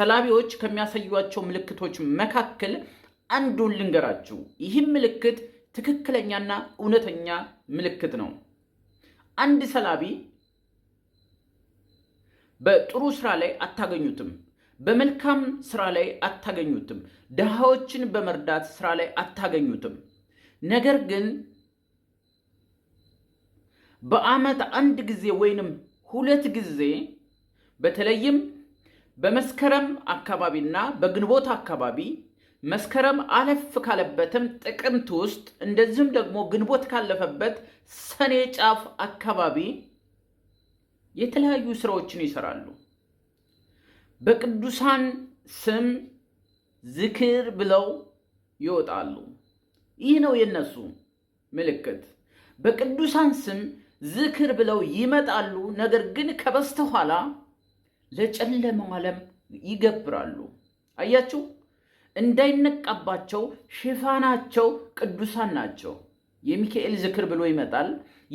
ተላቢዎች ከሚያሳዩቸው ምልክቶች መካከል አንዱን ልንገራችሁ። ይህም ምልክት ትክክለኛና እውነተኛ ምልክት ነው። አንድ ሰላቢ በጥሩ ስራ ላይ አታገኙትም። በመልካም ስራ ላይ አታገኙትም። ድሃዎችን በመርዳት ስራ ላይ አታገኙትም። ነገር ግን በዓመት አንድ ጊዜ ወይንም ሁለት ጊዜ በተለይም በመስከረም አካባቢና በግንቦት አካባቢ መስከረም አለፍ ካለበትም ጥቅምት ውስጥ እንደዚሁም ደግሞ ግንቦት ካለፈበት ሰኔ ጫፍ አካባቢ የተለያዩ ስራዎችን ይሰራሉ። በቅዱሳን ስም ዝክር ብለው ይወጣሉ። ይህ ነው የነሱ ምልክት። በቅዱሳን ስም ዝክር ብለው ይመጣሉ። ነገር ግን ከበስተኋላ ለጨለማው ዓለም ይገብራሉ። አያችሁ፣ እንዳይነቃባቸው ሽፋናቸው ቅዱሳን ናቸው። የሚካኤል ዝክር ብሎ ይመጣል፣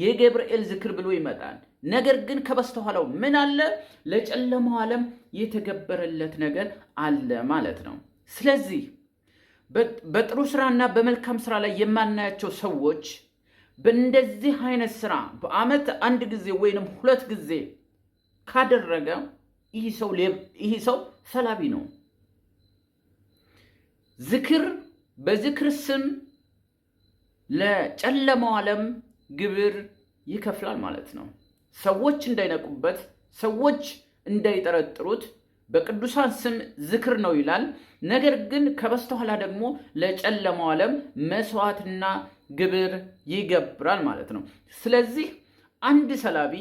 የገብርኤል ዝክር ብሎ ይመጣል። ነገር ግን ከበስተኋላው ምን አለ? ለጨለማው ዓለም የተገበረለት ነገር አለ ማለት ነው። ስለዚህ በጥሩ ስራና በመልካም ስራ ላይ የማናያቸው ሰዎች በእንደዚህ አይነት ስራ በአመት አንድ ጊዜ ወይንም ሁለት ጊዜ ካደረገ ይህ ሰው ሰላቢ ነው። ዝክር በዝክር ስም ለጨለማው ዓለም ግብር ይከፍላል ማለት ነው። ሰዎች እንዳይነቁበት፣ ሰዎች እንዳይጠረጥሩት በቅዱሳን ስም ዝክር ነው ይላል። ነገር ግን ከበስተኋላ ደግሞ ለጨለማው ዓለም መስዋዕትና ግብር ይገብራል ማለት ነው። ስለዚህ አንድ ሰላቢ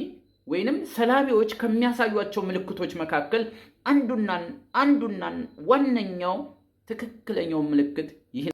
ወይንም ሰላቢዎች ከሚያሳዩቸው ምልክቶች መካከል አንዱናን አንዱናን ዋነኛው ትክክለኛው ምልክት ይህ